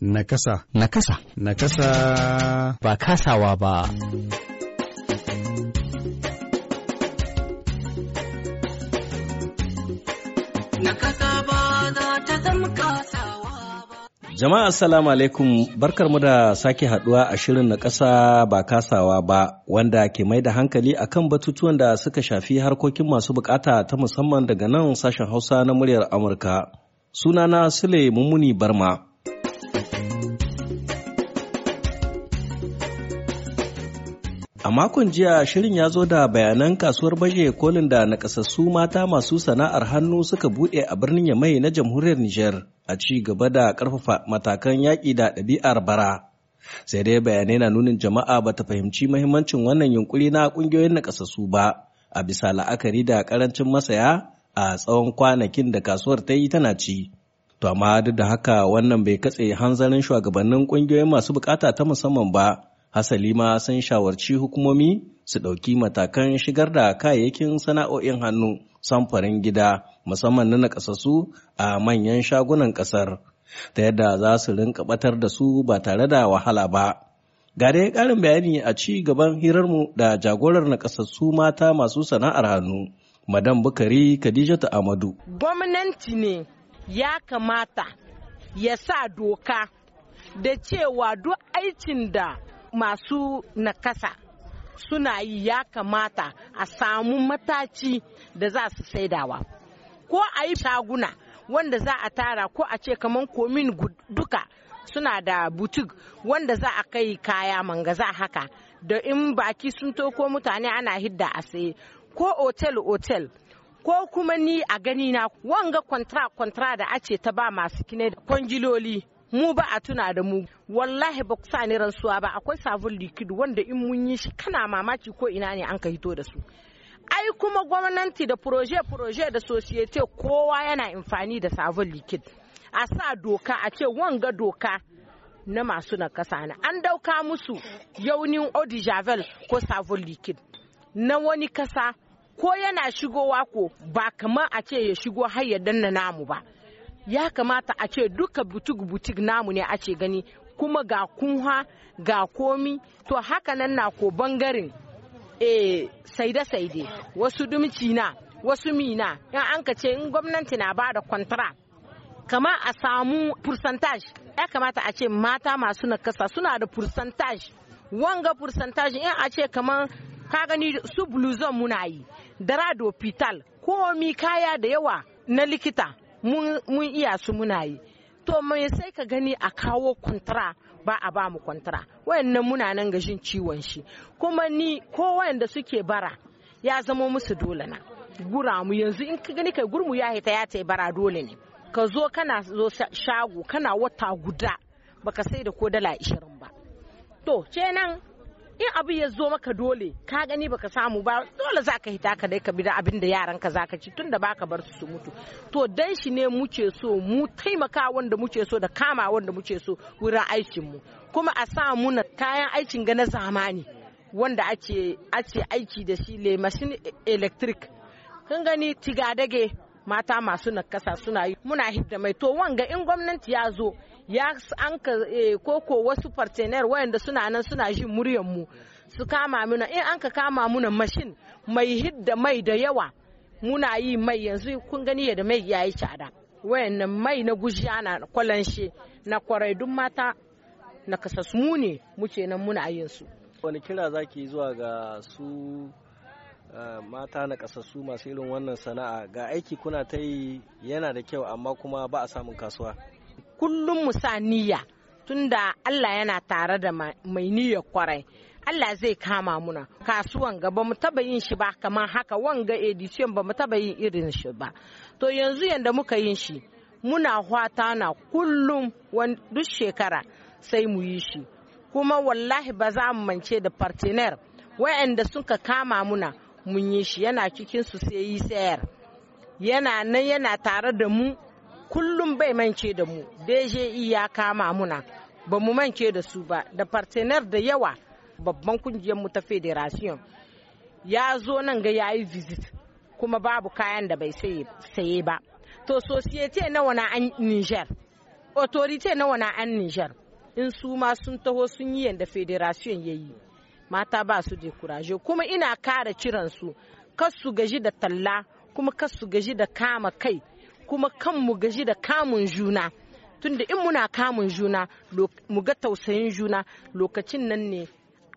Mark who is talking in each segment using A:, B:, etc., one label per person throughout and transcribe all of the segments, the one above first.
A: Nakasa. Nakasa. Nakasa. Ba kasawa ba.
B: Nakasa ba za ta zama kasawa
A: ba. Jama'a assalamu alaikum barkar mu da sake haduwa a shirin na kasa ba kasawa ba wanda ke mai da hankali akan batutuwan da suka shafi harkokin masu bukata ta musamman daga nan sashen Hausa na muryar Amurka. Sunana Sule Mummuni Barma. A makon jiya shirin ya zo da bayanan kasuwar baje kolin da nakasassu mata masu sana'ar hannu suka buɗe a birnin Yamai na jamhuriyar Nijar a ci gaba da ƙarfafa matakan yaƙi da ɗabi'ar bara. Sai dai bayanai na nunin jama'a ba ta fahimci mahimmancin wannan yunkuri na ƙungiyoyin nakasassu ba, a bisa la'akari da ƙarancin masaya a tsawon kwanakin da kasuwar ta yi tana ci. To amma duk da haka wannan bai katse hanzarin shugabannin ƙungiyoyin masu bukata ta musamman ba, hasali ma sun shawarci hukumomi su ɗauki matakan shigar da kayayyakin sana'o'in hannu samfarin gida musamman na nakasassu a manyan shagunan ƙasar, ta yadda za su rinka batar da su ba tare da wahala ba. Ga dai ƙarin bayani a ci gaban hirarmu da jagorar nakasassu mata masu sana'ar hannu, Madam Bukari Khadijatu Amadu.
B: Gwamnati ne ya kamata ya sa doka da cewa duk aikin da masu nakasa suna yi ya kamata a samu mataci da za su saidawa ko a yi shaguna wanda za a tara ko a ce kamar komin duka suna da butik wanda za a kai kaya mangaza haka da in baki sun toko mutane ana hidda a saye ko otel-otel ko kuma ni a gani na wanga kwantara kwantara da ace ta ba masu kine da kwangiloli mu ba a tuna da mu wallahi ba sa ni rantsuwa ba akwai sabon liquid wanda in mun yi shi kana mamaki ko ina ne an ka hito da su ai kuma gwamnati da proje-proje da societe kowa yana amfani da sabon likid a sa doka a ce wanga doka na masu na kasa na an dauka musu yaunin odijavel ko sabon likid na wani kasa ko yana shigowa ko ba kama a ce ya shigo har ya danna namu ba ya kamata a ce duka butik butik namu ne a ce gani kuma ga kunha ga komi to haka nan na ko bangaren eh, e, saide-saide wasu dumci na wasu mina in an ka ce in gwamnati na ba da kwantara kama a samu percentage ya kamata a ce mata masu nakasa suna da percentage wanga percentage in a ce kamar ka gani su bluzon muna yi da rado komi kaya da yawa na likita mun iya su muna yi to mai sai ka gani a kawo kwantara ba a ba mu kwantara wayannan muna nan gashin ciwon shi kuma ni ko wayanda suke bara ya zama musu dole na gura mu yanzu in ka gani kai gurmu ya hita ya ta bara dole ne ka zo kana zo shago kana wata guda baka sai da ko dala ishirin ba to kenan in abu ya zo maka dole ka gani baka samu ba dole za ka hita ka dai ka bi abin da yaran ka zaka ci tunda baka bar su su mutu to dan shi ne muke so mu taimaka wanda muke so da kama wanda muke so wurin aikin mu kuma a sa muna kayan aikin ga na zamani wanda ake aiki da shi le machine electric kun gani tigadage mata masu nakasa suna yi muna hidda mai to wanga in gwamnati ya zo ya an ka koko eh, wasu fartenar wayanda suna nan suna jin muryar su kama muna in an ka kama muna mashin mai hidda mai da yawa muna yi mai yanzu kun gani yadda mai yayi cada wayannan mai na gujiya na kwalanshe na kwarai duk mata na mu ne muke nan muna yin su
A: wani kira zaki zuwa ga su eh, mata na kasassu masu irin wannan sana'a ga aiki kuna ta yi yana da kyau amma kuma ba a samun kasuwa
B: kullum mu sa niyya tunda Allah yana tare da mai niyyar kwarai Allah zai kama muna kasuwan ga ba mu taba yin shi ba kamar haka wanga edition ba mu taba yin irin shi ba to yanzu yanda muka yin shi muna hwata na kullum duk shekara sai mu yi shi kuma wallahi ba za mu mance da partner wayanda suka kama muna mun yi shi yana cikin su sai yi sayar yana nan yana tare da mu kullum bai mance da mu deje ya kama muna ba mu mance da su ba da partenar da yawa babban kungiyar mu ta federation ya zo nan ga ya yi visit kuma babu kayan da bai saye ba to societe nawa na an niger autorite nawa na an niger in su ma sun taho sun yi yadda federation ya yi mata ba su da kuraje kuma ina kara kiransu kas su gaji da talla kuma kas su gaji da kama kai kuma kanmu mu gaji da kamun juna tunda in muna kamun juna mu ga tausayin juna lokacin nan ne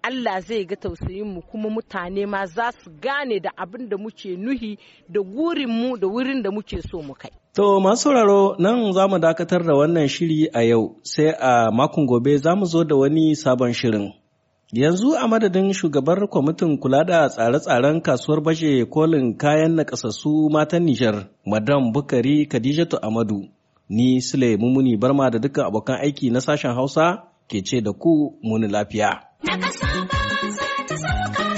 B: Allah zai ga tausayin mu kuma mutane ma za su gane da abin da muke nuhi da gurin mu da wurin da muke so mu kai.
A: To masu sauraro nan za mu dakatar da wannan shiri a yau sai a makon gobe za mu zo da wani sabon shirin. Yanzu a madadin shugabar kwamitin kula da tsare-tsaren kasuwar bashe kolin kayan nakasassu matan Nijar, Madam Bukari Khadijatu Amadu, ni Sule Mumuni Barma da dukkan abokan aiki na sashen Hausa ke ce da ku muni lafiya.
B: Na ba za ta sauka.